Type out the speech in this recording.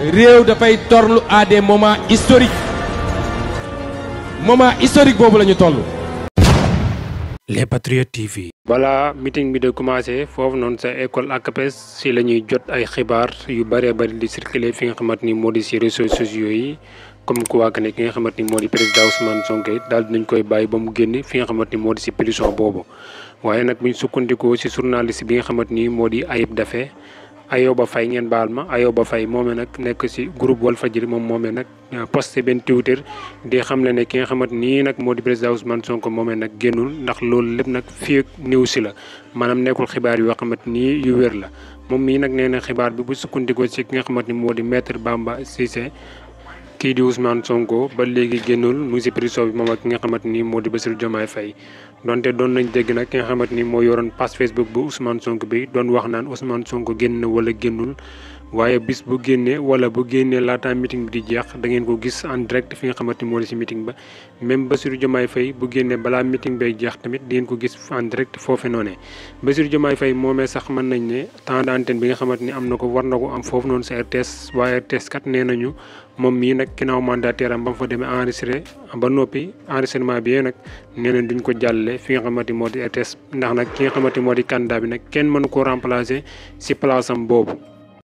réew dafay torlu à des moments historiques moment historique boobu la ñu toll. les Patriotes TV. balaa meeting bi de commencé foofu noonu sa école ACPES si la ñuy jot ay xibaar yu bëree bëri di circuler fi nga xamante ni moo di si réseaux sociaux yi comme ku waa ne ki nga xamante ni moo di président Ousmane Sonko daal dinañ koy bàyyi ba mu génn fi nga xamante ni moo di si prison boobu waaye nag bu ñu sukkandikoo si bi nga xamante ni moo di Ayib Daffé. ba fay ngeen baal ma ba fay moomee nag nekk si groupe Walfadjri moom moomee nag euh, posté benn Twitter di xam le ne ki nga xamante nii nag moo di président Ousmane Sonko moomee nag génnul ndax loolu lépp nag fii ak néew si la maanaam nekkul xibaar yoo xamante nii yu wér la moom mii nag nee na xibaar bi bu sukkandikoo si ki nga xamante ni moo di maître Bamba Cissé kii di Ousmane Sonko ba léegi génnul mu ngi si prison bi moom ak ki nga xamante ni moo di Bassirou Diomaye Faye donte doon nañ dégg nag ki nga xamante ni moo yoroon page Facebook bu Ousmane sonk bi doon wax naan Ousmane Sonko génn na wala génnul. waaye bis bu génnee wala bu génnee laataa meeting bi di jeex dangeen ngeen ko gis en direct fi nga xamante ni moo di si meeting ba même Bassirou fay bu génnee balaa meeting bay jeex tamit di ko gis en direct foofe noonee Bassirou Diomaye Faye moomee sax mën nañ ne temps d'antenne bi nga xamante ni am na ko war na ko am foofu noonu sa RTS waaye RTS kat nee nañu moom mii nag ginnaaw mandataire am ba mu fa demee enregistré ba noppi enregistrement bi nag nee nañ ko jàllale fi nga xamante ni moo di RTS nag ki nga xamante ni moo di candidat bi nag kenn mënu ko remplacer si place boobu